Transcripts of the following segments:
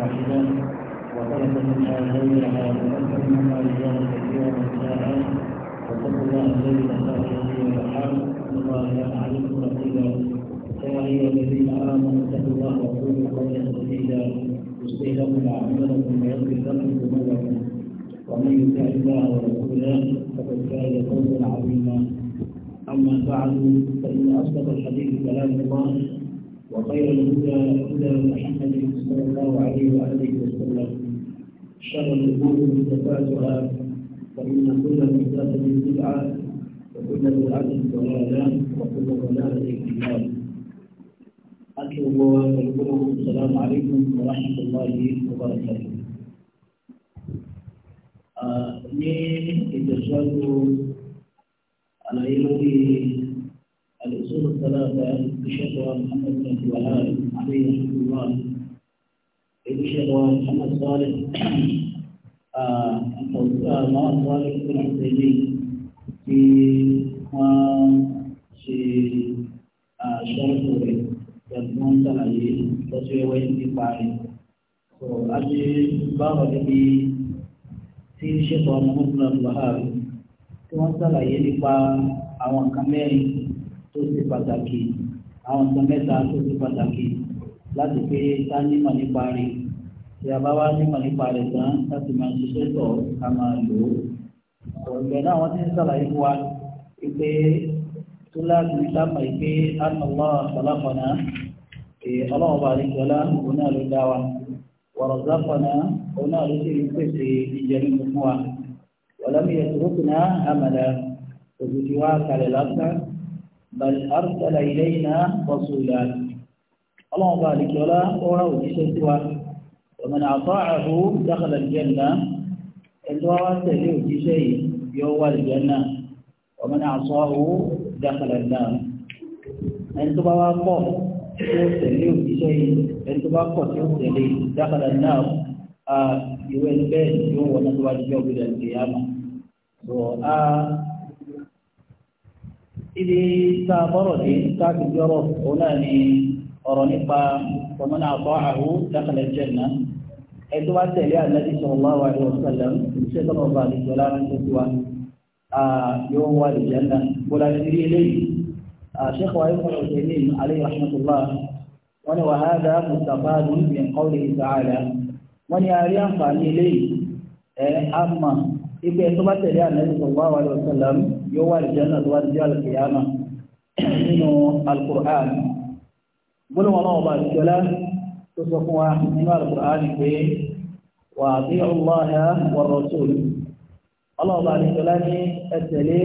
واحدا وترك منها غيرها وترك منها رجالا كثيرا ونساء واتقوا الله الذي تساءلون به والارحام ان الله كان عليكم رقيبا يا ايها الذين امنوا اتقوا الله وقولوا قولا سديدا يصلح لكم اعمالكم ويغفر لكم ذنوبكم ومن يطع الله ورسوله فقد فاز فوزا عظيما اما بعد فان اصدق الحديث كلام الله وخير الهدى هدى محمد صلى الله عليه واله وسلم شر الامور محدثاتها فان كل محدثه بدعه وكل بدعه ضلاله وكل ضلاله في النار أكرم وأكرمكم السلام عليكم ورحمة الله وبركاته ní ìtẹ̀síwájú أنا lórí الأصول الثلاثة بشكوى محمد بن عبد الوهاب عليه رحمة الله بشكوى محمد صالح محمد صالح بن عثيمين في في شرف يضمن سلعي تسوية وين في أجي بابا بي في شكوى محمد بن عبد الوهاب tí wọ́n sàlàyé nípa àwọn nǹkan tó ṣe pàtàkì àwọn nǹkan mẹ́ta tó ṣe pàtàkì láti pé ká nímọ̀ nípa rẹ̀ tí a bá wá nímọ̀ nípa rẹ̀ tán láti máa ṣiṣẹ́ tọ̀ ká máa lò ó. ọ̀gbẹ́ náà wọ́n ti ń sàlàyé fún wa pé túláàsì ní sábà pé àtàlọ́ àtàlákọ̀nà ọlọ́run bá rí jọlá òun náà ló dá wa wọ̀rọ̀zákọ̀nà òun náà ló sì ń pèsè ìjẹun fún wa wọ̀lámìyẹ̀ tó kùnà àmàlà òbí ti wá kalẹ̀ lásán بل أرسل إلينا رسولا الله بارك ولا أروا سوى ومن أطاعه دخل الجنة الدعوة تليه شيء يوى الجنة ومن عصاه دخل النار أنت بواقع تليه شيء أنت بواقع تليه دخل النار يوى البيت يوى نتواجه بالقيامة so, uh, ibi tá a bọ́rọ̀ dé tá a ti jọrọ̀ òun náà ni ọ̀rọ̀ nípa ọmọnà àbọ̀ àhú dákàlẹ̀ jẹ̀nà ẹ̀tọ́ wa tẹ̀lé ànábì sallallahu alaihi wasallam iṣẹ́ tọ́lọ̀ bá àti jọlá ń tó tiwa yóò wá lè jẹ́nà bọ́lá ti rí eléyìí Sheikh wa ibn Uthaymeen alayhi rahmatullah wọ́n ní wàhálà mustapha dùn ní qawlihi wọ́n ní àárí àǹfààní eléyìí ẹ̀ àmà ibi ẹ̀tọ́ bá tẹ̀lé ànábì sallallahu alaihi wasallam yóò wà lìjẹ́ náà tó wá lìjẹ́ alìkìyàmà nínú alukur'an gbọ́dọ̀ wọn náà wà lìjọ́lá tó sọ fún wa nínú alukur'an pé wà á bí ọlọ́ha wà rọ̀tún ọlọ́ọ̀bà lìjọ́lá ní ẹtẹ̀lé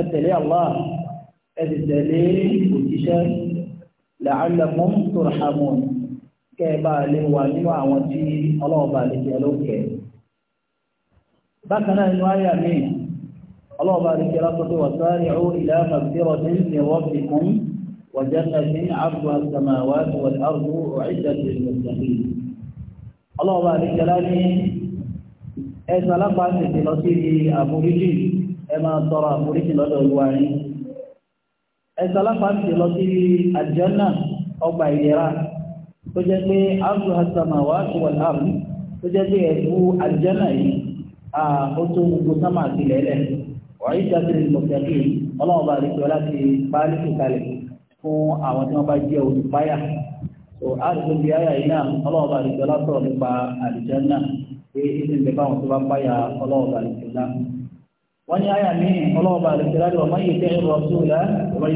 ẹtẹ̀lé allah ẹtẹ̀lé òjíṣẹ́ la'allakum turhamun kẹ́ẹ̀bá lè wà nínú àwọn tí ọlọ́ọ̀bà lìjọ́lá kẹ́ bákan náà nínú àyà míì اللهم بارك لكم وسارعوا إلى مغفرة من ربكم وجنة عرضها السماوات والأرض أعدت للمتقين اللهم بارك لنا ẹ̀sà lápá tètè lọ sí ibi àforíjì ẹ máa tọrọ àforíjì lọ́dọ̀ olúwa yín ẹ̀sà lápá tètè lọ sí ibi àjẹ́nà ọgbà ìlera tó jẹ́ pé ardu as-samawati wal ard tó jẹ́ pé ẹ̀bú àjẹ́nà yìí ó tó gbogbo sámà wàyí ìdásílẹ̀ ìmọ̀tẹ́kì ọlọ́run bá rí pé ọlá ti parí kíkalẹ̀ fún àwọn tí wọ́n bá jẹ́ olùpáyà tó àdìgbòbí ayà yìí náà ọlọ́run bá rí pé ọlá sọ̀rọ̀ nípa àlùjánnà pé ìsìn bẹ̀ fáwọn tó bá páyà ọlọ́run bá rí pé ọlá. wọ́n ní ayà míì ọlọ́run bá rí pé ọlá wọ́n yìí tẹ́ ìrọ̀ ọ̀túnlá wọ́n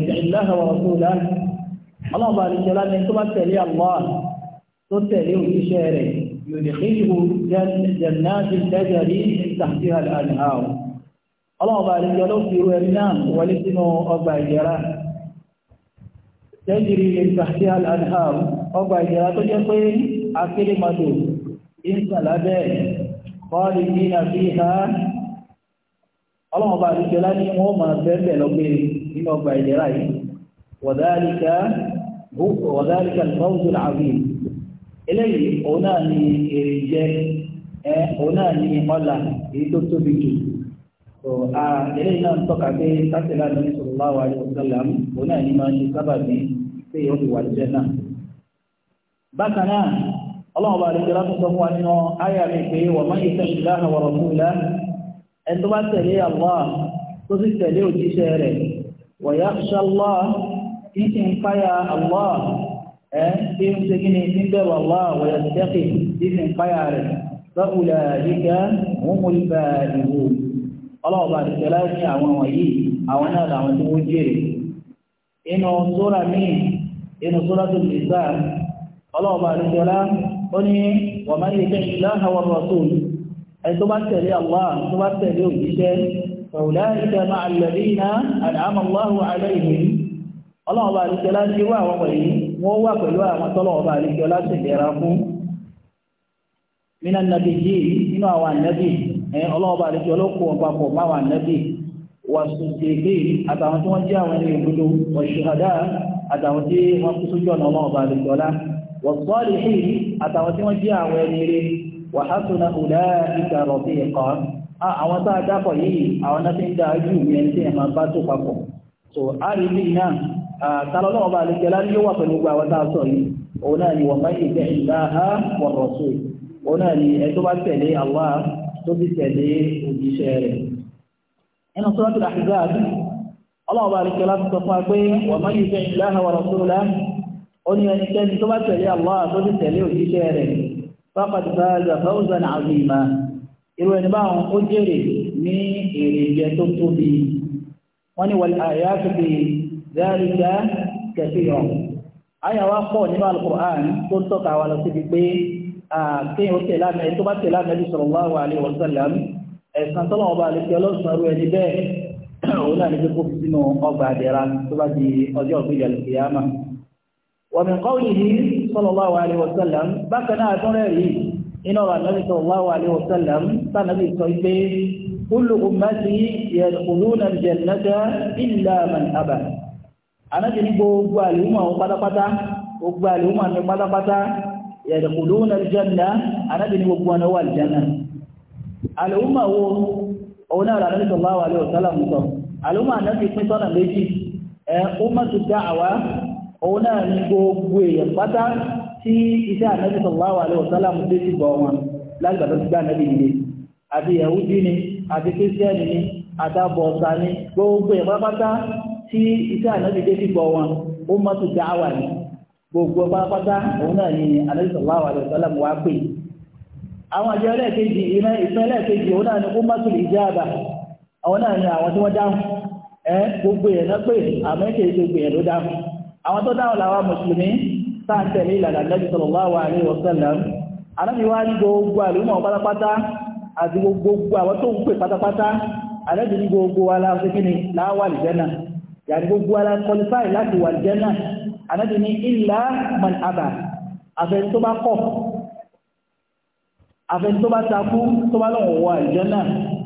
yìí tẹ́ ọlọ́run bá àlejò ló fi irú ẹni náà wọlé sínú ọgbà ìjẹra tẹ́jìrì ìgbàsí al-anhar ọgbà ìjẹra tó jẹ́ pé akérèmọdò ìsàlábẹ́ kọ́ọ̀lì ní àfihàn ọlọ́run bá àlejò láti wọ́n máa bẹ́ẹ̀ lọ́gbẹ́ nínú ọgbà ìjẹra so a eléyìí náà ń tọ́ka pé sátẹ̀lá ní sallallahu alaihi wasallam òun náà ní máa ń ṣe sábàbí pé yóò fi wà lóṣẹ́ náà. bákan náà ọlọ́run bá rí jọlá tó sọ fún wa nínú àyà mi pé wọ́n máa ń yẹ sẹ́yìn láhà wọ̀rọ̀ fún ilá ẹni tó bá tẹ̀lé Allah tó sì tẹ̀lé òjíṣẹ́ rẹ̀ wọ̀yá ṣálá kí n fáyà Allah ẹ kí n ṣe kí ni ní bẹ̀rù Allah wọ̀yá ṣẹ́kì kí n fáyà rẹ̀ báwo la yíká mú mú ibà ìwò ọlọ́ọ̀bà àdìsẹ́ láì ní àwọn wọ̀nyí àwọn náà làwọn tí wọ́n jèrè inú sóra míì inú sóra tó lè sá ọlọ́ọ̀bà àdìsẹ́ lá ó ní wọ́n máa yẹ kẹ́kẹ́ láhà wọn lọ tó ẹni tó bá tẹ̀lé àwọn tó bá tẹ̀lé òjíṣẹ́ fàwùlá ìta máa lẹ̀rí iná àdáàmà láhùn alẹ́ ìwé ọlọ́ọ̀bà àdìsẹ́ lá ti wá àwọn wọ̀nyí wọ́n wà pẹ̀lú àwọn tọ́lọ́ọ̀bà àdìsẹ́ lá ti dẹ̀ra fún mínà nàbìjì nínú àwọn ànábì ọlọ́ọ̀bá àlejò ọlọ́kọ̀ ọ̀pàpọ̀ máwà nẹ́bí wà sùdèké àtàwọn tí wọ́n jẹ́ àwọn ẹni òdodo ọ̀ṣùhàdá àtàwọn tí wọ́n kú sójú ọ̀nà ọlọ́ọ̀bá àlejò ọlá wà sọ́ọ̀lì hì àtàwọn tí wọ́n jẹ́ àwọn ẹni eré wà hásùnà ọ̀lá ìgbà rọ̀bì ẹ̀kọ́ àwọn tá a dápọ̀ yìí àwọn náà ti ń da so a rí bí náà tàlọ́lọ́ọ̀bá àlejò ọlá ni yóò wà pẹ̀lú gbogbo àwọn tá a sọ yìí òun náà ni wà Allah tó ti tẹ̀lé òjíṣẹ́ rẹ̀ inú suratul Ahzab ọlọ́ọ̀bá àríkẹ́ láti sọ fún wa pé wa man yuti' Allaha wa rasulahu ó ní ẹnikẹ́ni tó bá tẹ̀lé Allah tó ti tẹ̀lé òjíṣẹ́ rẹ̀ faqad faza fawzan azima irú ẹni báwọn ó jèrè kéèyàn tẹ̀ lánàá ẹni tó bá tẹ̀ lánàá bí sallallahu alaihi wasallam ẹ̀sán tọ́lọ̀ ọba àlejò ọlọ́sàn rú ẹni bẹ́ẹ̀ òun náà ní pé kó fi sínú ọgbà àdẹ̀ra tó bá di ọjọ́ ọ̀gbìn al yadkhuluna aljanna anábì ní gbogbo ọ̀nà wà aljanna alùmọ̀ wo òun náà ràdí sallallahu alaihi wasallam sọ alùmọ̀ anábì pín sọ́nà méjì ẹ̀ ummatu da'wa òun náà ní gbogbo èèyàn pátá tí iṣẹ́ anábì sallallahu alaihi wasallam dé sí bọ̀ wọn lágbàdo ti gbá anábì nílé àti yahudi ni àti kristiani ni àtàbọ̀ọ̀sà ni gbogbo èèyàn pátá tí iṣẹ́ anábì dé sí bọ̀ wọn ummatu da'wa ni gbogbo pátápátá òun náà ni Ànábì sallallahu alaihi wasallam wá pè àwọn àjọ ẹlẹ́ẹ̀kejì iná ìfẹ́ ẹlẹ́ẹ̀kejì òun náà ni ummatul ijaba àwọn náà ni àwọn tí wọ́n dáhùn ẹ gbogbo yẹn náà pè àmọ́ ètò gbogbo yẹn ló dáhùn àwọn tó dáhùn làwọn mùsùlùmí ìlànà wa láwọn gbogbo wa ànábì ní ilà man abà àfẹn tó bá kọ̀ àfẹn tó bá takú tó bá lọ́wọ́ wọ àlùjánnà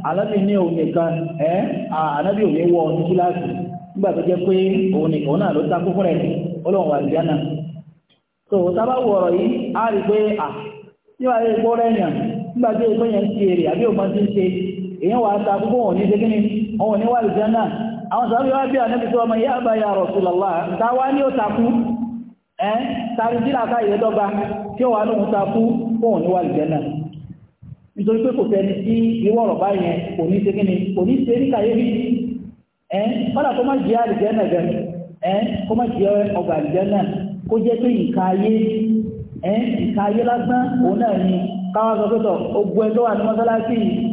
ànábì ní òun nìkan ẹ́ ànábì òun ní wọ ọdún kíláàsì nígbà tó jẹ́ pé òun nìkan òun náà ló takú fúnra ẹ̀ ni òun àwọn sàbí wá bí ànábì tó ọmọ yáàbá ya Rasulullah táwa ní ó takú ẹ́ tàbí jí láta ìrẹ́dọ́gba tí ó wà lóhun takú fóun níwà ìjẹ́nà nítorí pé kò fẹ́ni sí irú ọ̀rọ̀ kò ní ni kò ní ṣe ní kàyéfì ẹ́ kọ́dà kó má jẹ́ àlìjẹ́nà gan ẹ́ kó má jẹ́ ọgbà àlìjẹ́nà kó jẹ́ ni káwá sọ pé tọ̀ ogun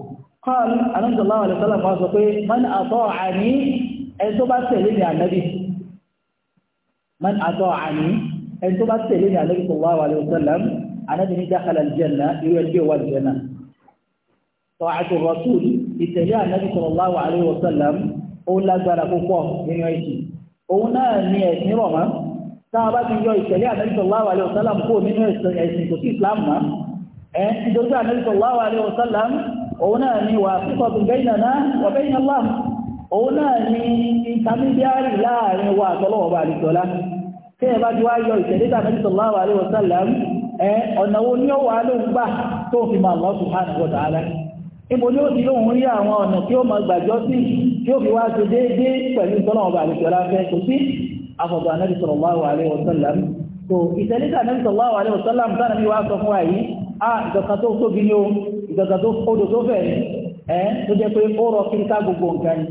قال أنزل الله عليه وسلم وصفه من أطاعني ẹni tó bá tẹ̀lé ní ànábì man ata'ani ẹni tó bá tẹ̀lé ní ànábì sallallahu alaihi wasallam ànábì ní dakhala aljanna irú ẹni tí ó wà aljanna ta'atu rasul ìtẹ̀lé ànábì sallallahu alaihi wasallam ó lágbára púpọ̀ nínú ẹ̀sìn òun náà ní ẹ̀sìn rọ̀ mọ́ tá a bá ti yọ ìtẹ̀lé ànábì sallallahu alaihi wasallam kó nínú ẹ̀sìn kò sí islam mọ́ ẹ̀ nítorí ànábì sallallahu alaihi wasallam òun náà ni wà síkọ̀tù bẹ́ẹ̀nàná wà bẹ́ẹ̀nàlá òun náà ni intermediary láàrin wa àtọ́lọ́wọ̀ bá àlìjọlá tí ẹ bá ti wá yọ ìtẹ̀lẹ́ta sallallahu alaihi wasallam ẹ ọ̀nà wo ni ó wà lóhun gbà tó fi máa Allah subhanahu wa ta'ala ibo ni ó ti lóhun rí àwọn ọ̀nà tí ó máa gbàjọ́ sí tí ó ìtẹ̀lẹ́ta anábì sallallahu wá sọ fún wa ah, ìgbàgbà tó odò tó fẹ̀ ní ẹ́ tó jẹ́ pé ó rọ kíríká gbogbo nǹkan ni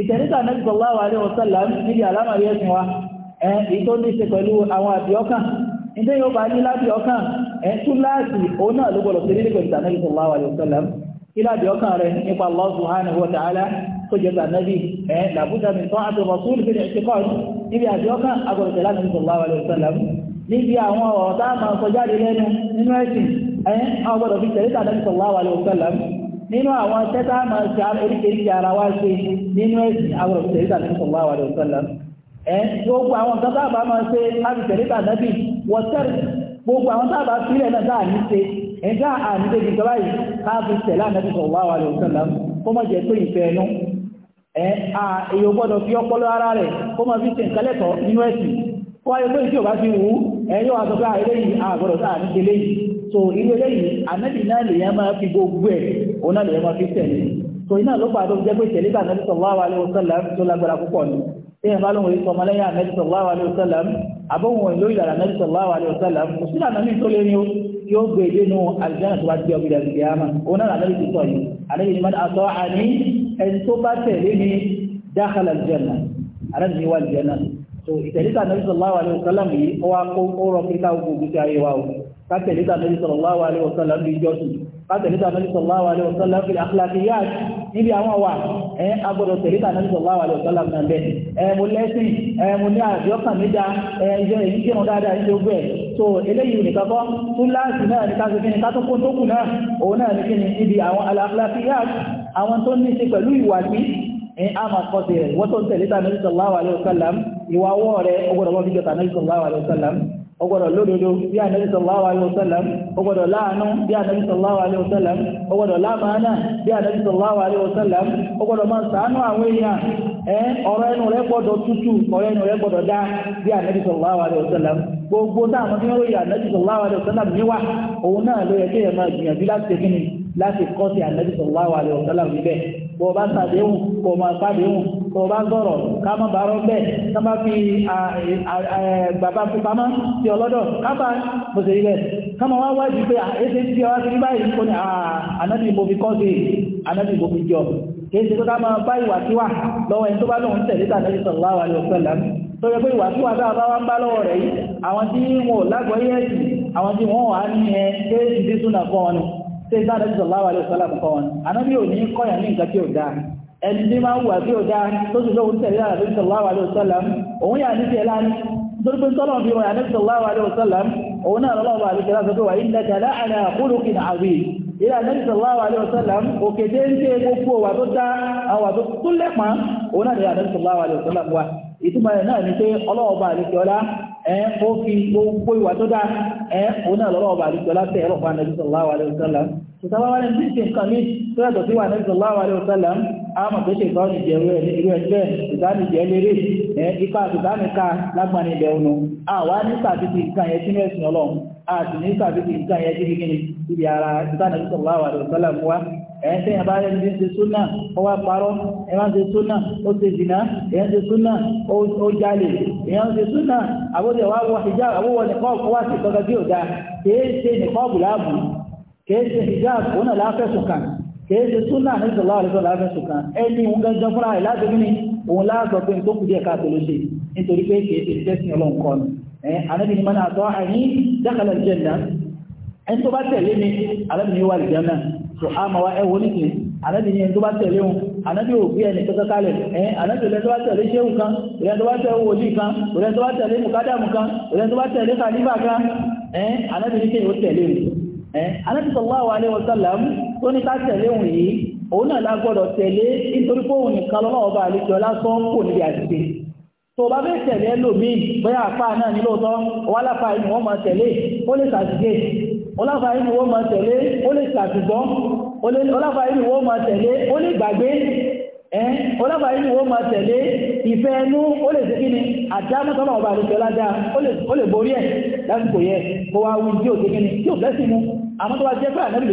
ìtẹ̀lẹ́sà Ànábì sallallahu alaihi wasallam níbi àlámàrí ẹ̀sìn wa ẹ́ èyí tó ní ṣe pẹ̀lú àwọn àbíọ́kàn ìdẹ́ yóò bá ní lábíọ́kàn ẹ́ tún láàsì òun náà ló gbọ́dọ̀ sí pẹ̀lú Ànábì sallallahu alaihi wasallam kí lábíọ́kàn rẹ̀ nípa Allah subhanahu wa ta'ala tó jẹ́ Ànábì ẹ́ làbúdà min ta'ati rasul níbi àwọn ọ̀rọ̀ tá máa sọ jáde lẹ́nu nínú ẹ̀sìn ẹ́ a gbọ́dọ̀ fi tẹ̀lé tàbí sallallahu alaihi wasallam nínú àwọn tẹ́tà máa ṣe oríkèríkè ara wá ṣe nínú ẹ̀sìn a gbọ́dọ̀ fi tẹ̀lé tàbí sallallahu alaihi wasallam ẹ́ gbogbo àwọn kan tá bá máa ṣe láti tẹ̀lé tàbí wọ́tẹ́rì gbogbo àwọn tá bá sílẹ̀ náà tá à ní ṣe ẹ̀dá àmì débi tọ́lá yìí ká fi tẹ̀lé àmì sallallahu alaihi wasallam kó má jẹ́ pé ìfẹ́ ò bá fi wù ẹ̀yọ́ wa sọ pé ah, eléyìí àgbọ̀dọ̀ sáà ní eléyìí so irú eléyìí ànábì náà lèyàn máa fi gbogbo ẹ̀ òun náà lèyàn máa fi tẹ̀lé so iná ló pàdé jẹ́ pé tẹ̀lé bá ànábì sallallahu alaihi wasallam tó lágbára púpọ̀ ni téèyàn bá lóun sọ ọmọlẹ́yìn ànábì sallallahu alaihi wasallam àbọ̀wọ̀n lórí ìlànà ànábì sallallahu alaihi wasallam kò sí lànà mi tó lé ní o yóò gbé ilé e nu àlùjáde tó bá gbé ọgbẹ́ ìdàgbé àmà òun náà ànábì ti sọ yìí ànábì ni máa sọ àní ẹni tó bá tẹ̀lé mi dakhala aljanna ànábì ni wà aljanna so ìtẹ̀lítà nàbí sallallahu alaihi wasallam yìí ó wá kó ó rọ kíkà ogun gbèsè ayé wa o ká tẹ̀lítà nàbí sallallahu alaihi wasallam bí jọ́sìn ká tẹ̀lítà nàbí sallallahu alaihi wasallam fi akhlaqiyat níbi àwọn wà ẹ agbọ́dọ̀ tẹ̀lítà nàbí sallallahu alaihi wasallam náà bẹ́ ẹ mo lẹ́sìn ẹ mo ní àjọkàn mi dá ẹ ìjọ èyí kí wọn dáadáa ní gbogbo ẹ so eléyìí nìkan kọ́ tún láàsì náà ní káṣe kíni kátó kó tó kù náà òun náà ní kíni níbi àwọn al-akhlaqiyat àwọn tó ní ṣe pẹ̀lú ìwà sí ní àmà kọ́sí rẹ̀ wọ́n tó ń tẹ̀lé tàbí sallallahu alaihi wasallam ìwà ọwọ́ rẹ̀ ọgbọ̀dọ̀ wọ́n fi jọ tàbí sallallahu alaihi wasallam ọgbọ̀dọ̀ lódodo bí ànábì sallallahu alaihi wasallam ọgbọ̀dọ̀ láàánú bí ànábì sallallahu alaihi wasallam ọgbọ̀dọ̀ lámàánà bí ànábì sallallahu alaihi wasallam ọgbọ̀dọ̀ máa ṣàánú àwọn èèyàn ẹ́ ọ̀rọ̀ ẹnu rẹ̀ gbọ́dọ̀ tútù ọ̀rọ̀ ẹnu rẹ̀ gbọ́dọ̀ dá bí ànábì sallallahu alaihi wasallam gbogbo táwọn tí wọ́n bọ̀ bá sàdéhùn kò máa kama kò bá sọ̀rọ̀ fi bàbá fi sí ọlọ́dọ̀ ká bá bó ṣe rí ká má wá wájú pé èsì tí ọwá ti báyìí kò ní ànábì mo fi ànábì mo jọ tó ká máa bá lọ́wọ́ ẹni tó bá lóun tẹ̀lé tàbí pé tá a bá wá ń bá lọ́wọ́ rẹ̀ yìí àwọn tí wọn ò ṣe ìbára ẹ̀sọ̀ láwà lè sọ́lá kọ́ wọn anábí ò ní kọ́yà ní nǹkan tí ó dáa ẹni tí máa ń wà tí ó dáa tó ti lóhun tẹ̀lé àrẹ ẹ̀sọ̀ láwà lè sọ́lá òun yà ní tiẹ̀ láni nítorí pé tọ́lọ̀ fi rọ̀ àrẹ ẹ̀sọ̀ láwà lè sọ́lá òun náà lọ́wọ́ àrẹ ẹ̀sọ̀ láwà wà ilẹ̀ ìtumọ̀ rẹ̀ náà ni pé ọlọ́ọ̀bà àlejòọ́lá ẹ̀ ó fi gbogbo ìwà tó dáa ẹ̀ òun náà lọ́ọ̀bà àlejòọ́lá tẹ̀ ẹ̀rọ̀ fún wa sallam ìtawà wà lẹ́nu tí nǹkan mi tó yàtọ̀ wa sallam àwọn àgbẹ̀ ṣe ìtọ́ nìjẹ́ irú ẹgbẹ́ ìtàní jẹ́ lérè ẹ̀ ipa ìtàní ká lágbàní ilẹ̀ ọ̀nà àwa ní sàfihàn nǹkan yẹn sínú ẹ̀sìn ọlọ́run àti ní sàfihàn nǹkan yẹn wa sallam ẹ̀ẹ́sẹ̀ àbárẹ̀ ní ṣe súnà ó wá parọ́ ẹ̀wọ́n ṣe súnà ó ṣe jìnà ẹ̀yàn ṣe súnà ó jalè ẹ̀yàn ṣe súnà àbójẹ̀ wá wọ hijab àwọ́wọ́ nìkọ́ọ̀bù wá sí tọ́gá bí òdá kìí ṣe nìkọ́ọ̀bù láàbù kìí ṣe hijab òun náà láfẹ́sùn kan kìí ṣe súnà ní sọ̀lá àlẹ́sọ̀ láfẹ́sùn kan ẹni òun gangan fúnra rẹ̀ láti mí òun láàgbọ̀ pé tó kù díẹ̀ káàtó ló tó a ma wá ẹwọ nìkè anábì ní ẹni tó bá tẹ̀lé wọn anábì ò gbé ẹni kẹta kalẹ̀ ẹ anábì ìrẹ́ tó bá tẹ̀lé ṣéhùn kan ìrẹ́ bá tẹ̀lé wòlíì kan ìrẹ́ bá tẹ̀lé mùkádàmù kan ìrẹ́ bá tẹ̀lé kàlífà kan ẹ ní kéyìn ó tẹ̀lé alaihi wasallam tó ní ká tẹ̀lé wọn yìí òun náà la gbọ́dọ̀ tẹ̀lé nítorí pé òun nìkan lọ́wọ́ ọba àlejò lásán kò níbi àṣìṣe tó bá fẹ́ tẹ̀lé náà nílòótọ́ wàhálà pa ìmọ̀ ọmọ tẹ̀lé ó lè ṣàṣìṣe ọláfàáyé ni wọ́n máa tẹ̀lé ó lè ṣàtìgbọ́ ọláfàáyé ni wọ́n máa tẹ̀lé ó lè gbàgbé ẹ́ ọláfàáyé ni wọ́n máa tẹ̀lé ìfẹ́ ẹnu ó lè ṣe kí ni àdámọ́tọ́nà ọba àdúgbò ládá ó lè borí ẹ̀ lásìkò yẹ kó wá wí tí ò ṣe kí ni tí ò fẹ́sì mu àmọ́ tó bá jẹ́ pé ànábì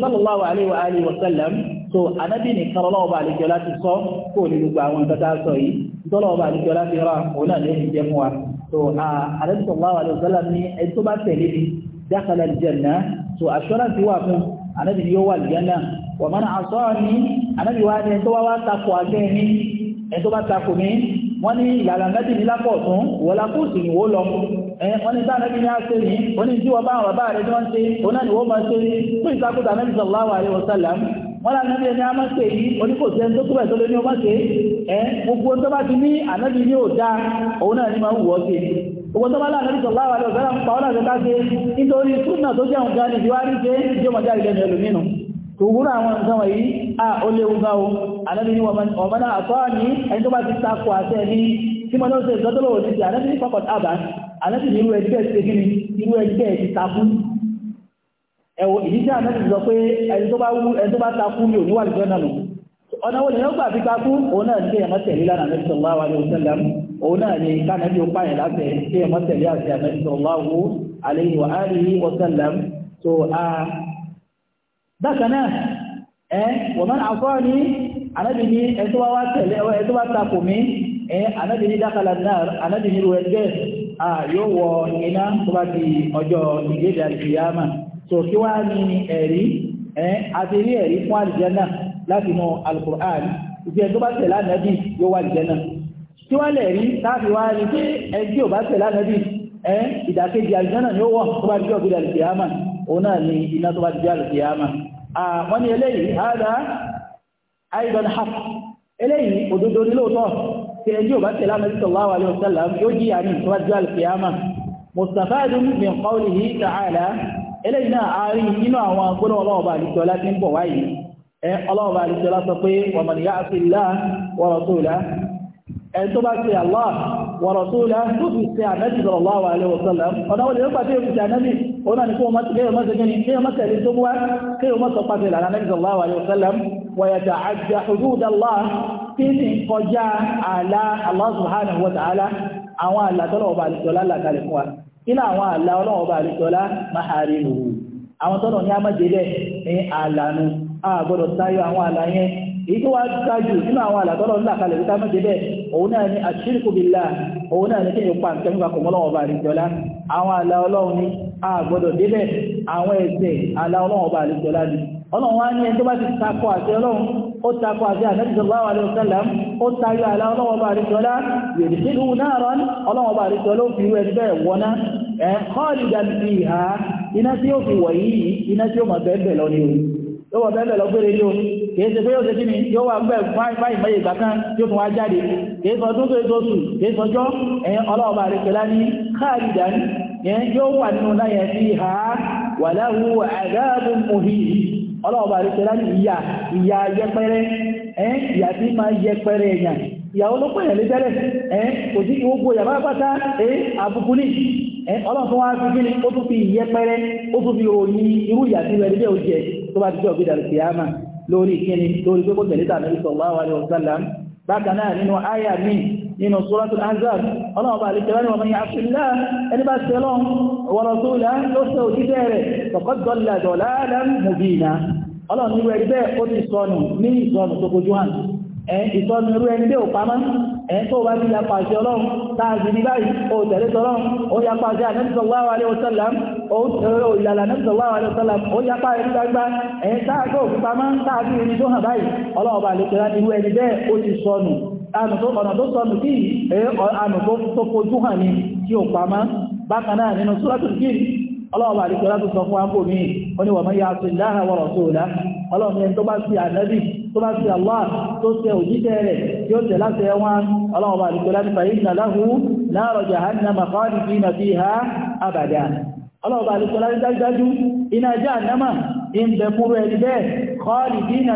sallallahu alaihi wa alihi wa sallam so ànábì nìkan ọlọ́ọ̀bà àlejò láti sọ kó o ní gbogbo àwọn ìtọ́ta sọ yìí ìtọ́lọ́ọ̀bà àlejò láti rà òun náà lè jẹ́ fún wa so ànábì sallallahu alaihi wa sallam dakhala al-jannah so assurance wà fún anábì ni yóò wà al-jannah wa man asani anábì wà ní ẹ̀tọ́ wá takò àgbẹ̀ ní ẹ̀tọ́ bá takò ní wọ́n ní ìyàrá mẹ́bì ní lápọ̀ tún wọ́n lápò sí ni wọ́n lọ wọ́n ní sáà mẹ́bì ní àṣẹ ní wọ́n ní tí wọ́n bá àwọn bàbá rẹ̀ tí wọ́n ṣe òun náà ni wọ́n máa ṣe fún ìtakùtà sallallahu alaihi wasallam wọ́n lá nẹ́bí ẹni a máa ṣe yìí oníkòsí ẹni tó kúrẹ̀ tó lé ní ọmọ ṣe ẹ gbogbo tó bá ti ní ànábì ní ò dáa òun náà ni máa ń wọ́ sí gbogbo tó bá láàrín ní sọ̀lá wà lọ́sẹ̀rẹ̀ ń pa ọ́ ni ìwárí ṣe jẹ́ mọ̀já ìlẹ́nu ẹlòmínú tòwúrò àwọn nǹkan wọ̀nyí à ó léwu ga o ànábi ní ọmọ náà àtọ́ ní ẹni tó bá ti takò àṣẹ ní tí mo náà ṣe ìtọ́tọ́lọ́wọ́ ti ṣe ànábi ní pọ́kọ̀t àbá ànábi ní irú ẹni bẹ́ẹ̀ ṣe kíni irú ẹni bẹ́ẹ̀ ti takú ẹ̀wọ̀ ìdí tí ànábi sọ pé ẹni tó bá wú ẹni tó òun náà ni kánàbí ó pààyàn láfẹ́ tí ẹmọ́ tẹ̀lé àti àmẹ́sì sallallahu alayhi wa alihi wa sallam tó a bákan náà ẹ wọ́n máa àkọ́ ní anábì ní ẹ̀tọ́ wá tẹ̀lé ẹ̀tọ́ wá takò mí ẹ anábì ní dákàlà náà anábì ní ruẹ̀gẹ́ a yóò wọ iná tó bá di ọjọ́ ìgbéde àlùfíàmà tó kí wá ní ẹ̀rí ẹ àti ẹ̀rí fún àlùjànnà láti mọ al tí wọ́n lè rí láti wá ní pé ẹgbẹ́ ò bá tẹ̀ lánàbí ẹ́ ìdàkejì àlùjánnà ni ó wọ̀ tó bá jẹ́ ògbìdà lùkìyàmà òun náà ni iná tó bá jẹ́ lùkìyàmà wọ́n ni eléyìí àádá aidan haf eléyìí òdodo ní lóòótọ́ tí ẹgbẹ́ ò bá tẹ̀ lánàbí sallallahu alaihi wasallam yóò jí àmì tó náà a nínú àwọn gbọ́nà ọlọ́ọ̀bà àlùkìyàmà ti ń bọ̀ wáyìí ọlọ́ọ̀bà àlùkìyàmà sọ pé wa man ya'si Allah wa rasulahu ẹni tó bá ṣe Allah wa rasulahu tó fi ṣe ànábì sallallahu alaihi wasallam ọ̀nà wọlé ló pàtẹ́ òfìṣẹ́ ànábì òun náà ni kó mọ́ ṣe gẹ́ni kí ọmọ tẹ̀lé tó wá kí ọmọ sọ pàtẹ́ ìlànà ànábì sallallahu alaihi wasallam wa yata'adda hudud Allah tí sì ń kọjá àlá Allah subhanahu wa ta'ala àwọn àlá tọ́lọ́wọ́ bá àlùsọ̀lá làkàlẹ̀ fún wa nínú àwọn àlá èyí tó wá dájú nínú àwọn àlàtọ́lọ́ ńlá kalẹ̀ wípé mọ́jẹ bẹ́ẹ̀ òun náà ni àṣírìkù billah òun náà ni kí ni pa nǹkan nípa kò mọ́lọ́wọ́ bá àlejòlá àwọn àlà ọlọ́run ni a gbọ́dọ̀ débẹ̀ àwọn ẹ̀ṣẹ̀ àlà ọlọ́run bá àlejòlá ni ọlọ́run wá ní ẹni lọ́wọ́ bẹ́ẹ̀ lọ́gbẹ̀rẹ̀ yóò kìí ṣe pé yóò ṣe kí ni yóò wà bẹ́ẹ̀ báyìí báyìí ìgbà kan yóò tún wá jáde kìí sọ ọdún tó oṣù kìí sọjọ́ ẹ̀yìn ọlọ́ọ̀bà rẹ̀ pẹ̀lá ní káàdì dání yẹn yóò wà nínú láyẹ̀ sí ha wà láwù àgáàbù muhi ọlọ́ọ̀bà rẹ̀ pẹ̀lá ní ìyà ìyà yẹpẹrẹ ẹ̀yìn ìyà tí máa yẹpẹrẹ èèyàn ìyàwó ló pèèyàn lé tẹ́lẹ̀ kò sí gbogbo ìyàbá pátá ẹ̀ àbùkù ní ọlọ́ọ̀tún wá fi kí ni ó tún fi ìyẹpẹrẹ ó tún fi ròyìn irú ìyà rẹ̀ nílé òjẹ́ tó bá dijọ́ gbéra kìyàmà lórí kíni lórí pé kó tẹ̀lé tà nàbí sallallahu alaihi wasallam bákan náà nínú àyà mi nínú suratul Ahzab ọlọ́run bá àlejò wọn man ya'sillah ẹni bá sẹlọ́n warasula ló sẹ òjíṣẹ́ rẹ̀ faqad dalla dalalan mubina ìtọ́nirú ẹni tí ò pamọ́ ẹni tó bá ti yapa àṣẹ ọlọ́run láàrin ní báyìí o tẹ̀lé tọ́lọ́run ó yapa àṣẹ ànẹ́bìsọ̀láwà alẹ́ òṣèlám ó tẹ̀lé ìlànà ànẹ́bìsọ̀láwà alẹ́ òṣèlám ó yapa ẹni gbangba ẹni táàkó pamọ́ táàkiri ní tó hàn báyìí ọlọ́run bá lè tẹ̀lá nírú ẹni bẹ́ẹ̀ ó ti sọnù ọ̀nà tó sọnù sí ànù tó fojú hàn ní tí ò pamọ́ bákan náà nínú súrọ́tù ọlọ́run ẹni tó bá sí ànábì tó bá sí Allah tó tẹ òjíṣẹ́ rẹ̀ tí ó tẹ̀ láti ẹwọ́n ọlọ́run bá nìkọ́ láti fàyè ìnà láhù náàrọ̀ jahannama kọ́ọ̀dì fi nà fi ha abàdà ọlọ́run bá nìkọ́ láti dájúdájú iná jahannama ń bẹ fúru ẹni bẹ́ẹ̀ kọ́ọ̀dì fi nà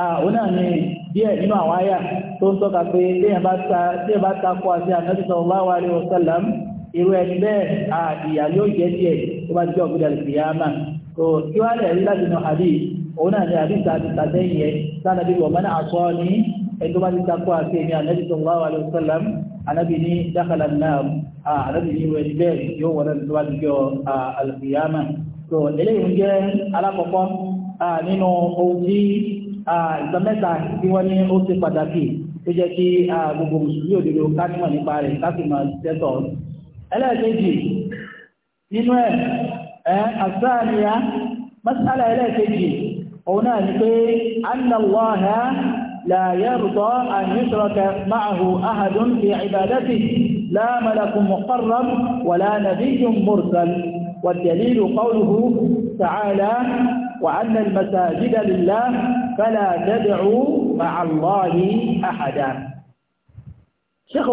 Ah, òun náà ni díẹ̀ nínú àwọn àyà tó ń tọ́ka pé léèyàn bá ta léèyàn bá ta kó àti ànábì sallallahu alaihi wasallam irú ẹni bẹ́ẹ̀ àdìyà yóò jẹ́ díẹ̀ tó bá jẹ́ ọ̀gbìn àlùfíàmà tó kí wá lẹ̀ rí láti nà àdì òun náà ni àdì ta ti ta sẹ́yìn ni ẹni tó bá ti ta kó àti èmi ànábì sallallahu alaihi wasallam ànábì ní dákàlà náà ànábì ní irú ẹni bẹ́ẹ̀ yóò wọlé tó bá jẹ́ àlùfíàmà tó eléyìí ń jẹ́ alákọ̀ọ́kọ́ nǹkan mẹ́ta tí wọ́n ní ó ṣe pàtàkì tó jẹ́ kí gbogbo mùsùlùmí òdodo ká nímọ̀ nípa rẹ̀ láti máa tẹ́tọ̀ ẹlẹ́ẹ̀kejì nínú ẹ̀ ẹ̀ àṣàníyá masala ẹlẹ́ẹ̀kejì òun náà ni o se pataki to je ki gbogbo musulumi ododo ka won nipa re lati maa teto o eleekeji ninu e e asaniya mosala eleekeji oun naa ni pe annallaha la yarda ayisoke yushraka ma'ahu ahadun fi ibadatihi la malakun muqarrab wala nabiyyun mursal والدليل قوله تعالى وأن المساجد لله فلا تدعوا مع الله أحدا شيخ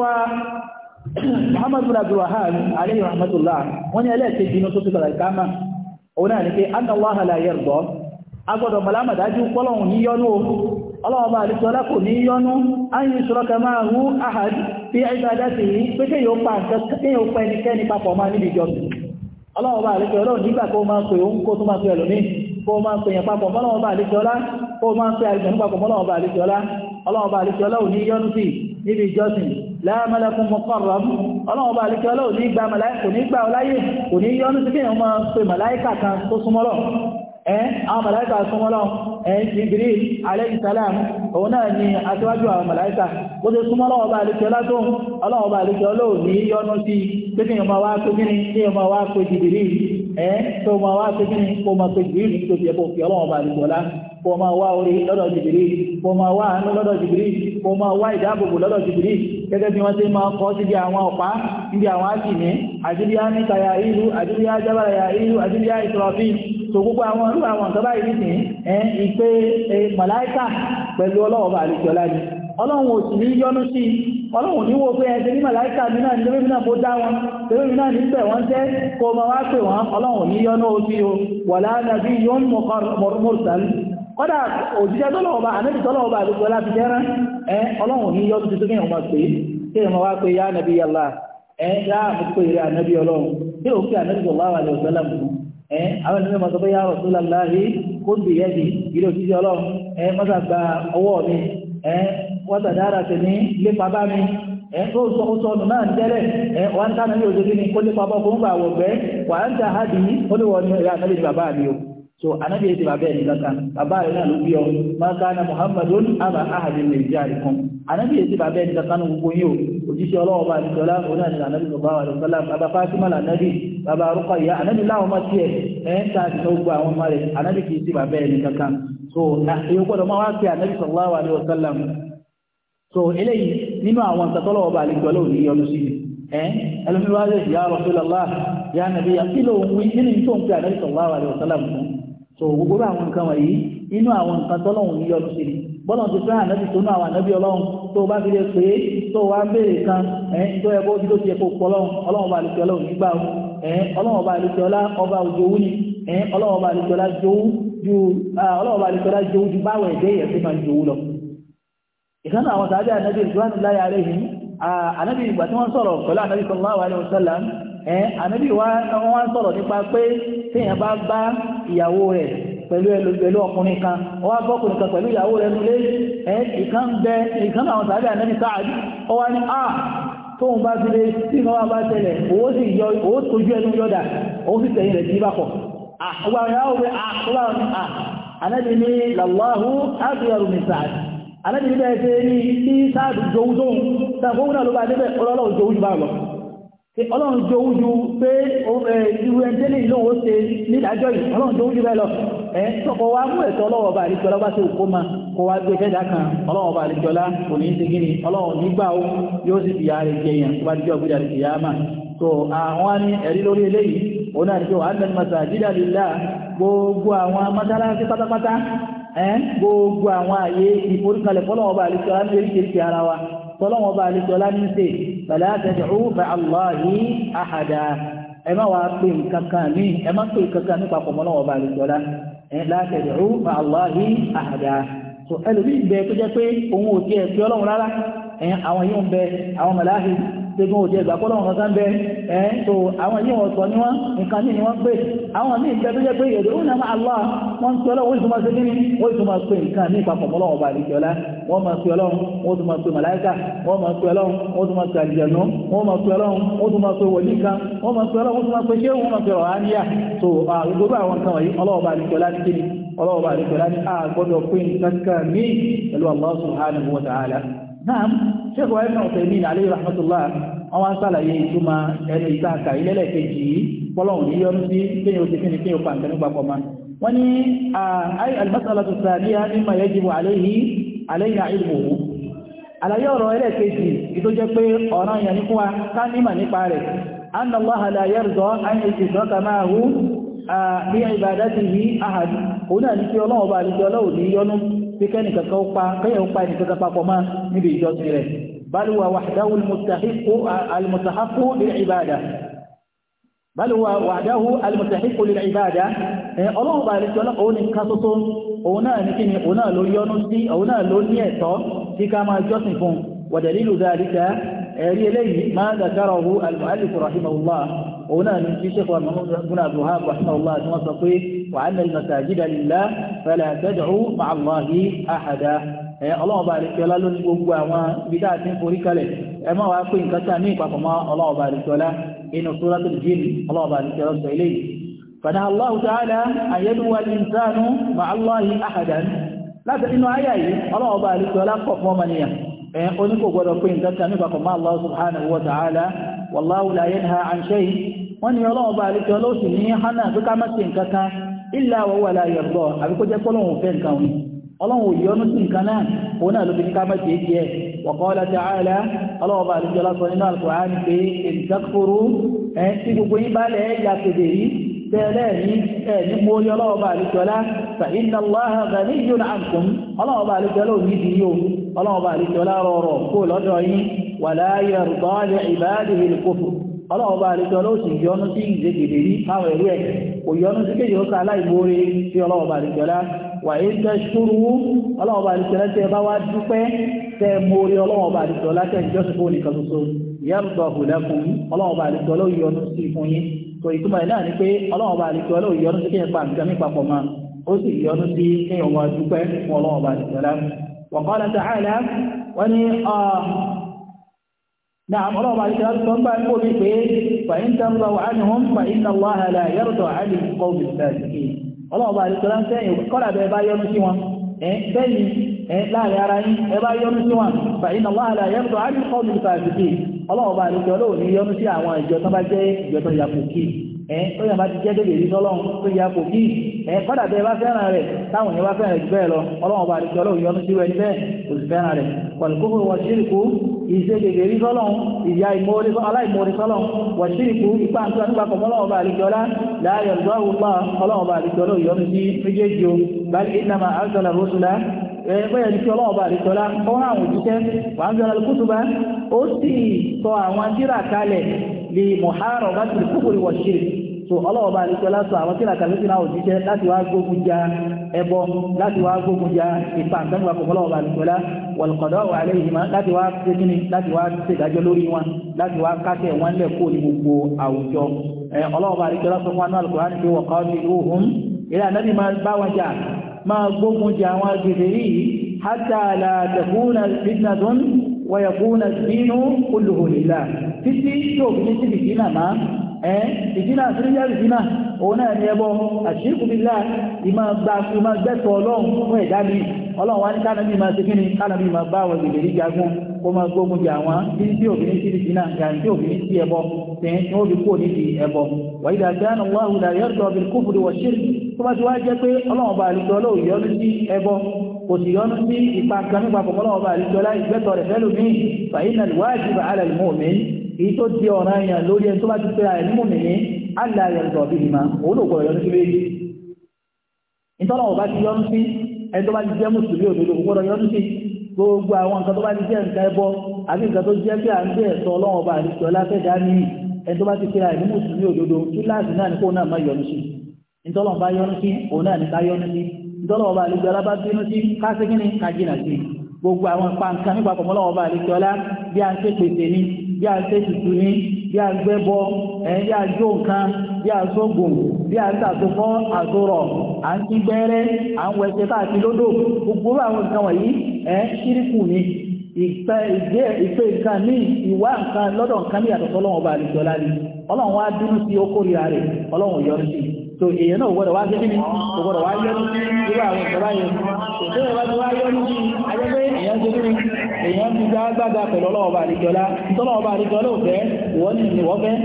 محمد بن عبد الوهاب عليه رحمة الله وانا لا تجي نصوص الكامة هنا لكي أن الله لا يرضى أقول ملامة أجو قلون نيونو الله أبا لسولك نيونو أن يشرك معه أحد في عبادته فكي يوفى كي يوفى نكاني بابا ما نبي جوز الله أبا لسولك نيبا كوما كيوم كوما كيوم kó máa ń pèyàn papọ̀ mọ́lọ́wọ́ bá àlejò ọlá kó máa ń pè àlejò nípapọ̀ mọ́lọ́wọ́ bá àlejò ọlá ọlọ́wọ́ bá àlejò ọlá ò ní yọ́nú sí níbi ìjọsìn láàmàlẹ́kùn mọ́kànlọ́m ọlọ́wọ́ bá àlejò ọlá ò ní gba màláìkà kò ní gbà ọláyè kò ní yọ́nú sí kéèyàn máa pe màláìkà kan tó súnmọ́lọ́ ẹ́ àwọn màláìkà súnmọ́lọ́ ẹ̀ jìbìrì alẹ́yìsálàm òun náà ni aṣíwájú àwọn màláìkà bó ṣe súnmọ́ lọ́wọ́ bá àlejò ẹ tó máa wá pé kíni kó máa pé jìbìrì tó fi ẹ̀kọ́ fi wa bá a lè bọ̀ lá wa orí lọ́dọ̀ jìbìrì kó máa àánú lọ́dọ̀ jìbìrì kó máa ìdáàbòbò lọ́dọ̀ jìbìrì gẹ́gẹ́ bí wọ́n ti máa kọ́ síbi àwọn ọ̀pá níbi àwọn ya ìlú àjíríyá jábára ya ìlú àjíríyá ìtọ̀ọ̀fí tó gbogbo àwọn irú àwọn nǹkan báyìí nìsín ẹ ìpè pẹ̀lú ọlọ́run ní wo pé ẹsẹ̀ ní màláìka mi náà ní lórí mi náà mo dá wọn lórí mi náà ní pẹ̀ wọ́n tẹ́ kó o máa wá pè wọ́n ọlọ́run ní yọ́nú oṣù o wala nabiyyun mursal kọ́dà òjíṣẹ́ tọ́lọ́ọ̀bà ànábì tọ́lọ́ọ̀bà àdúgbò láti jẹ́rán ẹ ọlọ́run ní yọ́nú tuntun kéèyàn máa pè kéèyàn máa wá pé yá nàbí yàlá ẹ yá mo pè rẹ ànábì ọlọ́run bí òkè ànábì sallallahu alaihi àwọn ènìyàn máa sọ pé yá rasulallahi kó bìyẹ́ di ilé òjíṣẹ́ ọlọ́run ẹ mọ́sàgbà ọwọ́ mi ẹ wọ́tàdára tẹ̀ ní lépa bá mi ẹ̀ tó sọ ó sọ ọ̀nà náà ń tẹ́lẹ̀ ẹ̀ wà ń tánà ní òjò kí ni kó lépa bọ́ fún gbà wọ̀gbẹ́ wà ń tà á dì ó lè wọ́n ní ẹ̀yà àtàlẹ́ ní bàbá mi o so anabi yẹn ti bàbá ẹ̀ nìkankan bàbá rẹ̀ náà ló bí ọ máa ká na muhammadun ahadi lè jẹ́ àríkan anabi yẹn ti bàbá ẹ̀ nìkankan ní gbogbo yìí o òjíṣẹ́ ọlọ́wọ́ bá ní sọlá so eléyìí nínú àwọn ìtàtọ́lọ̀ ọba àlejò lóò ní ọdún sí ni ẹ́ ẹlòmíwá lè yá Rasulullah yá nàbí yá kí lóun wí nínú tó ń pè sallallahu alaihi wasallam fún so gbogbo àwọn nǹkan wọ̀nyí nínú àwọn ìtàtọ́lọ̀ ní ọdún sí ni bọ́lá ti fẹ́ ànábì tó ní àwọn ànábì ọlọ́run tó bá fi lè pé tó wá béèrè kan ẹ̀ tó yẹ kó tó ti yẹ kó pọ̀ ọlọ́run ọlọ́run bá lè nígbà ẹ̀ ọlọ́run bá lè fi ọlá ọba òjòwú ni ẹ̀ ọlọ́run bá lè ọlá jowú ju ọlọ́run bá lè ọlá jowú ju báwọ̀ ẹ̀dẹ́ yẹ̀ fi máa jowú lọ ìkánà àwọn tàbí ànábì ìjọ́nù láyà rẹ̀ yìí ànábì ìgbà tí wọ́n sọ̀rọ̀ pẹ̀lú ànábì sallallahu alaihi wasallam ẹ̀ ànábì wọ́n sọ̀rọ̀ nípa pé téèyàn bá bá ìyàwó rẹ̀ pẹ̀lú ọkùnrin kan ọwá bọ́kùnrin kan pẹ̀lú ìyàwó rẹ̀ nulé ìkan bẹ ìkánà àwọn tàbí ànábì sáàdì alábi bẹ́ẹ̀ ṣe ní ní sáàdù jòun tóun tàbí náà ló bá débẹ̀ ọlọ́run jòun jù bá lọ ọlọ́run jòun jù pé irú ẹjẹ́ ní ìlú ó ṣe nídàájọ́ yìí ọlọ́run jòun jù bẹ́ẹ̀ lọ ẹ̀ tọkọ wa mú ẹ̀tọ́ ọlọ́wọ́ bá àríjọlá bá ṣe òkó ma kó wa gbé fẹ́dà kan ọlọ́wọ́ bá àríjọlá kò ní ṣe gíní ọlọ́run nígbà ó yóò sì fìyà rẹ̀ jẹyàn tó bá díjọ́ gbé dàrí fìyà mà so àwọn ní ẹ̀rí lórí eléyìí òun náà ní pé wàá mẹ́rin masajida lillah gbogbo àwọn mọ́sálásí pátápátá gbogbo àwọn àyè ìforíkalẹ̀ fọlọ́wọ́n bá àlejò ọlá ní oríṣiríṣi ara wa fọlọ́wọ́n bá àlejò ọlá ní ṣe bàlá àtẹ̀dẹ̀rú bá aláàyè àhàdà ẹ má wàá pè kankan mi ẹ má pè kankan nípa fọmọlọ́wọ́n bá àlejò ọlá látẹ̀dẹ̀rú bá aláàyè àhàdà tó ẹlòmíì bẹ tó jẹ́ pé òun ò tiẹ̀ fi ọlọ́run rárá àwọn yóò bẹ àwọn màláhì tẹ̀gbọ́n òjẹ́ ìgbà pọ́lọ́wọ́n kan sáńbẹ́ ẹ̀ tó àwọn yíò ọ̀sọ̀ ni wọ́n nǹkan ní ni wọ́n pè àwọn míì jẹ́ tó jẹ́ pé èdè òun náà Allah wọ́n tí ọlọ́wọ́ ìtumọ̀ sí kíní wọ́n ìtumọ̀ pé nǹkan ní ìpapọ̀ mọ́lọ́wọ́ bá ní kíọ́lá wọ́n máa pe ọlọ́run wọ́n tún máa pe màláíkà wọ́n máa pe ọlọ́run wọ́n tún máa pe àlìjẹ̀nú wọ́n máa pe ọlọ́run wọ́n tún máa pe náà ṣéèkù wáyé náà tẹ̀lé ní alẹ́ rahmatullah wọ́n wá ń sàlàyé ìtumọ̀ ẹni ìtaàkà ilẹ̀lẹ̀ kejì fọlọ́hùn ní yọ́nú sí kéyìn oṣù kíni kéyìn pàǹtẹ̀ nípa pọ̀mọ́ wọ́n ní àyè almasala tó sàníyà mimma yajibu alayhi alayna ilmuhu àlàyé ọ̀rọ̀ ẹlẹ́ẹ̀kejì ìtó jẹ́ pé ọ̀ràn ìyàn ní fún wa ká pé kẹ́nìkan kan pa kẹ́yẹ̀ pa ẹnìkan kan papọ̀ mọ́ níbi ìjọsìn rẹ̀ bal huwa wahdahu al-mustahiqqu lil-ibadah bal huwa wahdahu al-mustahiqqu lil-ibadah ọlọ́run bá àlejò ọlọ́pàá ó ní ká òun náà ní kí òun náà ní ṣíṣe fún àmọ́gbọ́n àbúhá rahimahullah tí wọ́n sọ pé wa anna al-masajida lillah fala tad'u ma'a Allahi ahada ẹ ọlọ́run bá rẹ̀ fiọ́lá lónìí gbogbo àwọn ibi tá a ti ń forí kalẹ̀ ẹ má wàá pé nǹkan tá a ní ìpapọ̀ mọ́ ọlọ́run bá inú suratul jinn ọlọ́run bá rẹ̀ sọ eléyìí فنهى الله تعالى أن يدعو الإنسان مع الله أحدا لا تنو آية الله بالك ولا قف ومنيا أنك قد قلت تنفق مع الله سبحانه وتعالى والله لا ينهى عن شيء wọ́n ní ọlọ́run bá àlejò ọlọ́sì ní hánà tó ká má ṣe nǹkan kan ilà wọ́wọ́ wà láyọ̀ gbọ́ àbí kó jẹ́ pọ́lọ́run fẹ́ nǹkan òní ọlọ́run ò yọnu sí nǹkan náà òun bá àlejò ọlọ́wọ́ bá rí tọ́lọ́ sì yọnu sí ìzégèdè rí fáwọn ẹ̀rú ẹ̀ kò yọnu sí kéyìí ó sa aláìmoore sí ọlọ́wọ́ bá rí tọ́lá wà é tẹ́ ṣúrúwú ọlọ́wọ́ bá rí tọ́lá tẹ́ bá wá dúpẹ́ tẹ́ mórí ọlọ́wọ́ bá rí tọ́lá tẹ́ ìjọsìn fún nìkan ṣoṣo yàtọ̀ hùlẹ́kùn ọlọ́wọ́ bá rí tọ́lá yọnu sí fún yín tó ìtumọ̀ náà ni pé ọlọ́wọ́ نعم الله عليه وسلم يقول إيه فإن ترضوا عنهم فإن الله لا يرضى عن القوم الفاسقين الله عليه وسلم يقول أبا يرسوا بني لا يرين أبا يرسوا فإن الله لا يرضى عن القوم الفاسقين الله عليه وسلم يرسوا عن جوة بجي جوة يفوكين ẹ̀ ó yàn bá ti jẹ́ débèrè tọ́lọ́run tó yà kò kí ẹ̀ kọ́dà bá fẹ́ràn rẹ̀ táwọn bá fẹ́ràn jù bẹ́ẹ̀ lọ ọlọ́run bá sí bẹ́ẹ̀ kò sì fẹ́ràn rẹ̀ wọ̀ṣíríkù ìṣe tọ́lọ́run ìyá tọ́lọ́run wọ̀ṣíríkù ipa lè mọ̀hárọ̀ bá ti kúkúrú wọ̀ ṣe so ọlọ́wọ́ bá alẹ́kọ́ lásọ àwọn tí làkàtà sí náà òjíṣẹ́ láti wá gbógun ja ẹbọ láti wá gbógun ja ìpàǹkan wà fún ọlọ́wọ́ bá alẹ́kọ́ lá wọ̀lùkọ̀dọ́ wà lẹ́yìn má láti wá ṣe kíni láti wá ṣe ìdájọ́ lórí wọn láti wá kásẹ̀ wọn lẹ̀ kó ní gbogbo àwùjọ ọlọ́wọ́ bá alẹ́kọ́ lásọ fún anáàlùkọ́ láti fi wọ̀ kọ́ ní ohun ilé ànábì máa bá wọn jà máa gbógun ja àwọn wọ̀yẹ̀kún bínú olùhòlìlà títí yóò fi sí bìkínà máa ẹ́ ìdínà síríyà ìdínà òun náà ní ẹbọ àṣíkùbílà ìmọ̀gbẹ́sọ̀ ọlọ́run fún ẹ̀dá mi ọlọ́run wá ní kánàbí máa ṣe kíni kánàbí máa bá àwọn ìgbèrè jagun kó máa gbógun jà wọ́n tí tí obìnrin sí ìdínà gàǹtí obìnrin sí ẹbọ tí wọ́n fi kó nídìí ẹbọ wàyí dàgbàna wà hùdà yẹ́rù tó ọbẹ̀ kófùdù wọ̀ kò sì yọnu sí ipa kan nípa pọ̀pọ̀lọ́ ọba àríjọlá ìgbẹ́tọ̀ rẹ̀ fẹ́lú mí fàyínà wájìbà ala al-mu'min èyí tó di ọ̀ràn èèyàn lórí ẹni tó bá ti pẹ́ra ẹ̀ mú mi ní aláyẹ̀rọ̀ bí ìmá òun ò gbọ́dọ̀ yọnu sí méjì ìtọ́nà ọba ti yọnu sí ẹni tó bá ti jẹ́ mùsùlùmí òdodo kò gbọ́dọ̀ yọnu sí gbogbo àwọn nǹkan tó bá ti jẹ́ nǹkan ẹbọ àbí nǹkan tó jẹ́ pé à ń bẹ̀ ẹ̀tọ́ ọlọ́run ọba àríjọlá fẹ́ dání ẹni tó bá ti pẹ́ra ẹ̀ mùsùlùmí òdodo kíláàsì náà ni kó náà má yọnu sí ìtọ́nà ọba yọnu sí òun náà ní ká yọnu sí ìtọ́lọ́wọ́ bá àlejò ọlá bá bínú sí káṣí kí ni kàjìnà sí gbogbo àwọn pàǹkà nípa pọ̀mọ́lọ́wọ́ bá àlejò ọlá bí a ń ṣe pèsè ni bí a ń ṣe tutù ni bí a ń gbẹ́bọ ẹ̀yìn bí a jó nǹkan bí a sógùn bí a ṣàtúnfọ́ àtúrọ̀ à ń tún gbẹ́rẹ́ à ń wẹsẹ̀ káàkiri lódò gbogbo àwọn nǹkan wọ̀nyí ẹ̀ ṣíríkù ni ìpẹ́ ìgbé ìpé nǹkan ní ìwá nǹkan lọ́dọ̀ nǹkan ní àtọ̀tọ̀ ọlọ́run ọba àlejò ọlá ni ọlọ́run wá bínú sí ó rẹ̀ ọlọ́run yọrí sí i so èèyàn náà gbọ́dọ̀ wá sí níbi kò gbọ́dọ̀ wá yọ́nú irú àwọn ìjọba yẹn tó yẹ bá ti wá yọ́nú sí ayẹ́gbẹ́ èèyàn ṣe kí ni èèyàn ti gbá gbága pẹ̀lú ọlọ́ọ̀bà àríjọlá ìtọ́lọ́ọ̀bà àríjọlá òfẹ́ ìwọ́n ní ìwọ́n fẹ́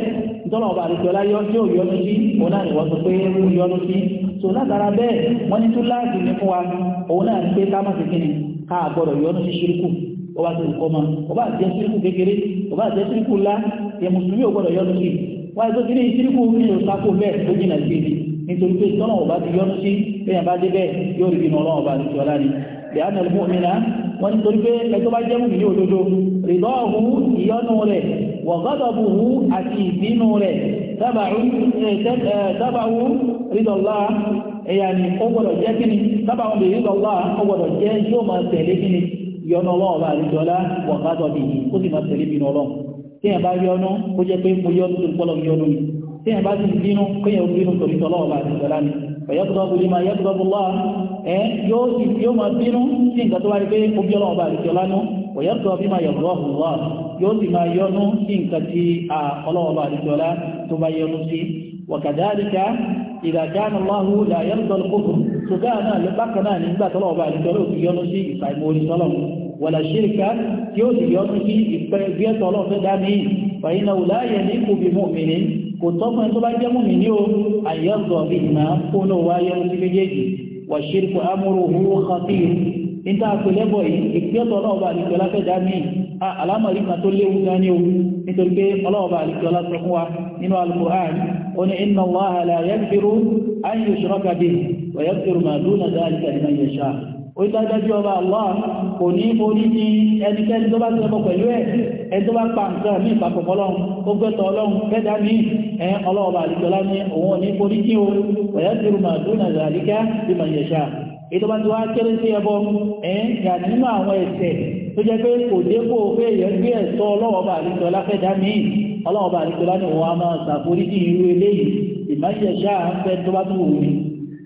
ìtọ́lọ́ọ̀bà àríjọlá yọ tí ò yọ́nú sí òun náà ìwọ́n sọ pé ó yọ́nú sí so látara bẹ́ẹ̀ wọ́n ní túláàsì ní fún wa òun náà ń pé ká má sí kí ni ká gbọ́dọ̀ yọ́nú sí ṣírkù ọba tó kọ́ ma ọba àjẹ́ ṣírkù kékeré ọba àjẹ́ ṣírkù ńlá ẹ̀ mùsùlùmí ò gbọ́dọ̀ yọ́nú sí wáyé tó kí ní ṣírkù ní òṣàkó bẹ́ẹ̀ ó jìnà sí ibi nítorí pé tọ́nà ọba ti yọ́nú sí bẹ́yàn bá débẹ̀ yóò rí bínú ọlọ́run ọba àti ọlá ni ìyáàna ìlú òmìnira wọ́n ní torí pé ẹjọ́ bá jẹ́ mùmí ní òdodo rìlọ́ ọ̀hún ìyọ́nú rẹ̀ wọ̀gọ́dọ̀bùhù àti ìbínú rẹ̀ tábàwù eh, eh, rìdọ̀lá ẹ̀yà ni ó gbọ́dọ̀ jẹ́ kíni tábàwù rìdọ̀lá ó gbọ́dọ̀ jẹ́ yóò máa tẹ̀lé kíni ìyọ́nú ọlọ́run ọba àti ọlá wọ̀gọ́dọ̀bùhù sì máa tẹ̀lé bínú ọlọ́run téèyàn bá ti bínú kéèyàn ó bínú torí tọ́lọ́wọ́ bá ti sọ́lá ni ọ̀yọ́gbọ́gbọ́ lè máa yẹ́gbọ́gbọ́ lọ́wọ́ ẹ yóò sì yóò máa bínú sí nǹkan tó wá rí pé ó bí ọlọ́wọ́ bá ti sọ́lá nú ọ̀yọ́gbọ́ bí máa yọ̀gbọ́gbọ́ lọ́wọ́ yóò sì máa yọnu sí nǹkan tí ọlọ́wọ́ bá ti wàlà ṣíríkà tí ó sì yọ́nú sí ìpẹ́ bí ẹ̀tọ́ ọlọ́fẹ́ dámì fàyínà òláyẹ̀ ní kò bí mọ̀mìnì kò tọ́pọ̀ tó bá jẹ́ mọ̀mìnì ó àyọ́gọ̀ bí ìmá kónú wáyé sí méjèèjì wà ṣíríkù amúrò owó kàtí níta àpẹlẹ́bọ̀ yìí ìpẹ́tọ̀ ọlọ́ọ̀bà ó ní ó dájájú ọba Allah kò ní orí ní ẹnikẹ́ni tó bá ti ẹbọ pẹ̀lú ẹ̀ ẹ tó bá pa nǹkan ní ìpapọ̀ ọlọ́run ó gbẹ́tọ̀ ọlọ́run kẹ́dà ní ẹ ọlọ́ọba àlìjọlá ní òun ò ní orí kí o ọ̀yá ti rùmà lónà àlìká bí mà yẹ̀ṣà ètò bá ti wá kéré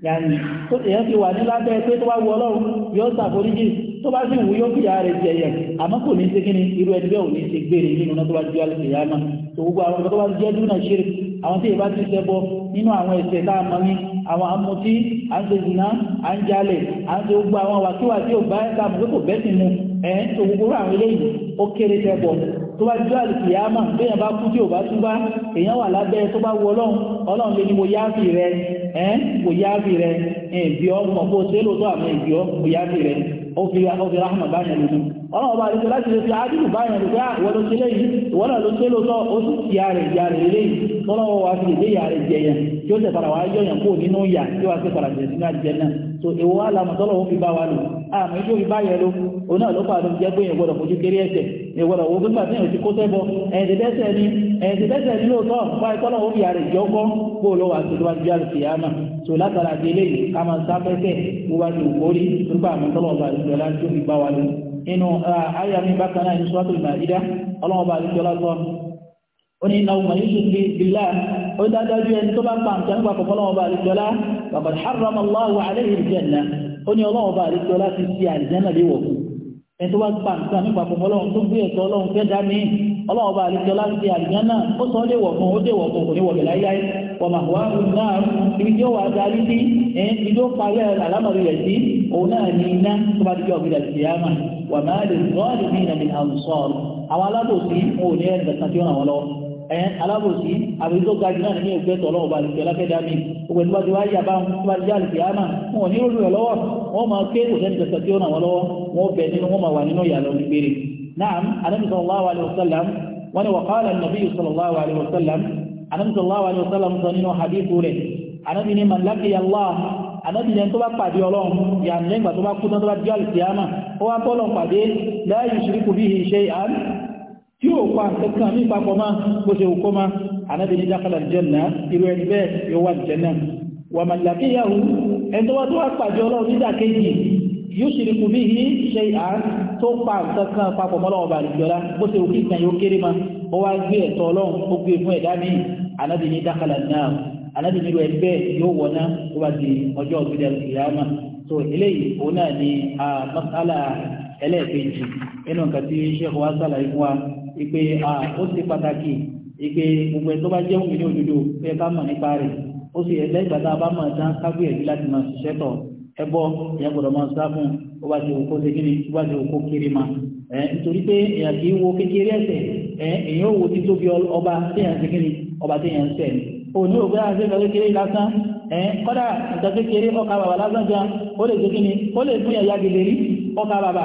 yàní tó èyàn ti wà ní lábẹ́ pé tó bá wù ọlọ́run yóò ṣàforíjì tó bá sì wù yóò fìyà rẹ̀ jẹ yẹ àmọ́ kò ní ṣe kíni irú ẹni bẹ́ẹ̀ ò ní ṣe gbére nínú náà tó bá jẹ́ àlùfẹ́ yá náà tó gbogbo àwọn tó bá jẹ́ dúró náà ṣeré àwọn tí ìbá ti ṣẹ bọ nínú àwọn ẹ̀ṣẹ̀ tá a mọ̀ ní àwọn amutí à ń ṣe jìnnà à ń jalè à ń ṣe gbogbo àwọn wàkíwà ò bá ẹ̀ka mọ̀ pé kò bẹ́ẹ̀ sì mu ẹ̀ tó gbogbo àwọn eléyìí ó kéré tẹ́bọ̀ tó bá jọ àlùkìyàmà béèyàn bá kú tí ò bá túbá èèyàn wà lábẹ́ tó bá wọ ọlọ́run ọlọ́run lè ní mo yáàfì rẹ ẹ́ mo yáàfì rẹ ìbí ọ mọ̀ bó ṣe lóòótọ́ àmì ìbí ọ mo yáàfì rẹ ó fi ráhùn báyẹn lójú ọlọ́run ọba àdúgbò láti lè fi ájúlù báyẹn lójú àwọn ah, ló ṣe léyìí ìwọ́n náà ló ṣe lóòótọ́ ó sì ti ààrẹ ìyá tọ́lọ́wọ́ wa fi lè yà rẹ̀ jẹyàn tí ó tẹ̀fara wa yọ̀yàn kó nínú yà tí wàá fi fara jẹ̀ sínú àjẹ náà so èwo wa làmọ̀ tọ́lọ́wọ́ fi bá wa lò àmọ́ ìjọ fi bá yẹ ló òun náà ló pa àdó jẹ́ pé èèyàn fojú kéré ẹsẹ̀ èèyàn wo gbígbà tí èèyàn ti kó sẹ́bọ ẹ̀ẹ́dẹ̀dẹ́sẹ̀ ni ẹ̀ẹ́dẹ̀dẹ́sẹ̀ ni lóòótọ́ wáyé tọ́lọ́wọ́ fi yà rẹ̀ jẹ́ ọgbọ́n bó ló wà tó wá ju àlùfẹ́ yà mà so látara délé yìí ká máa sáfẹ́fẹ́ mo bá ti wò rí nípa àmọ́ tọ́lọ́wọ́ bá ti lọ́la tó fi bá wa lò inú ayé mi bákan náà ní sọ́tò ìgbà ìdá oni na umar yusuf bi billah o dadaju en tó bá pa nǹkan pa ko lọ́wọ́ ba ali jola faqad harrama allah alayhi aljanna oni lọ́wọ́ ba ali jola ti si aljanna le wo en tó bá pa nǹkan pa ko lọ́wọ́ tó gbé to lọ́wọ́ fẹ́ dá mi lọ́wọ́ ba ali jola ti aljanna o so le wo fún o de wo fún ko ni wo be lai lai wa mahwaru nar ibi jo wa dali ti en ibi jo pa le alamari le ti o na ni na tó bá jo bi da kiyama wa ma lil zalimin min ansar awala do si o ne da ta ti ona wa lọ́wọ́ alábòsí àbí tó ga jù náà ní ẹgbẹ́ tọ̀lọ́ ọba àlùfẹ́ láfẹ́dá mi òpèlú bá ti wá yà bá ń bá jẹ́ àlùfẹ́ àmà wọn ò ní olú rẹ̀ lọ́wọ́ wọn máa ké òsẹ́ni tẹ̀sán tí ó ràn wọ́n lọ́wọ́ wọn bẹ̀ nínú wọn máa wà nínú ìyàlọ́ ní náà Ànábì sallallahu alaihi wọn ni wàkàlà tí ó pa kankan ní papọ̀ máa bó ṣe òkó máa anábìnrin dákàlà jẹ́nà irú ẹni bẹ́ẹ̀ yóò wà jẹ́nà wà màlàkíyàwó ẹni tó wá tó wá pàdé ọlọ́run nígbà kejì yóò ṣe kù bí i ṣe à tó pa kankan papọ̀ mọ́ ọlọ́run bàlùjọ́lá bó ṣe òkú ìtàn yóò kéré ma ó wá gbé bá di ọjọ́ ọ̀gbìn ìyáàmà so eléyìí òun náà ni ah, masala ẹlẹ́ẹ̀kejì nínú nǹkan tí ṣe wá sálàyé fún wa ìpè ó ṣe pàtàkì ìpè gbogbo ẹ̀ tó bá jẹ́ òun ní òdodo pé ká mọ̀ nípa rẹ̀ ó sì ẹ̀dá ìgbà tá a bá mọ̀ tán kágbéyàjú láti máa ṣiṣẹ́ tọ̀ ẹ bọ́ ìyẹn gbọ́dọ̀ máa sá fún ó bá ti òkó ṣe kíni ó bá ti òkó kiri ma ẹ nítorí pé èèyàn kì í wo kékeré ẹ̀ṣẹ̀ ẹ èèyàn ò wo títóbi ọba téèyàn ṣe kíni ọba téèyàn ń ṣẹ̀ òní ògbé àti ìgbà kékeré lásán ẹ̀ kọ́dà ìgbà kékeré ọkà bàbà lásán gan ó lè ṣe kíni ó lè fún ẹ̀yà gèlè rí ọkà bàbà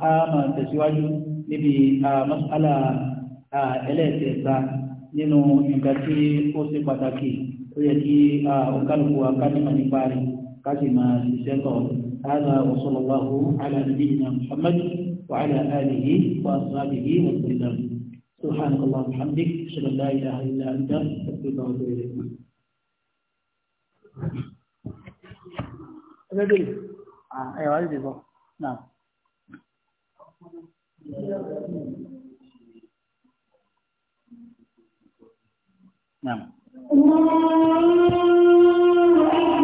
a máa tẹ̀síwájú níbi masala ẹlẹ́ẹ̀kẹta nínú nǹkan tí ó ṣe pàtàkì ó yẹ kí ọ̀kálùkù akánimọ̀ nípa rẹ̀ káṣí máa ṣiṣẹ́ tọ̀ هذا وصلى الله على نبينا محمد وعلى آله وأصحابه وسلم سبحانك اللهم وبحمدك أشهد أن لا إله إلا أنت أستغفرك وأتوب إليك Ready? Ah, ayo, ayo, ayo. Now. نعم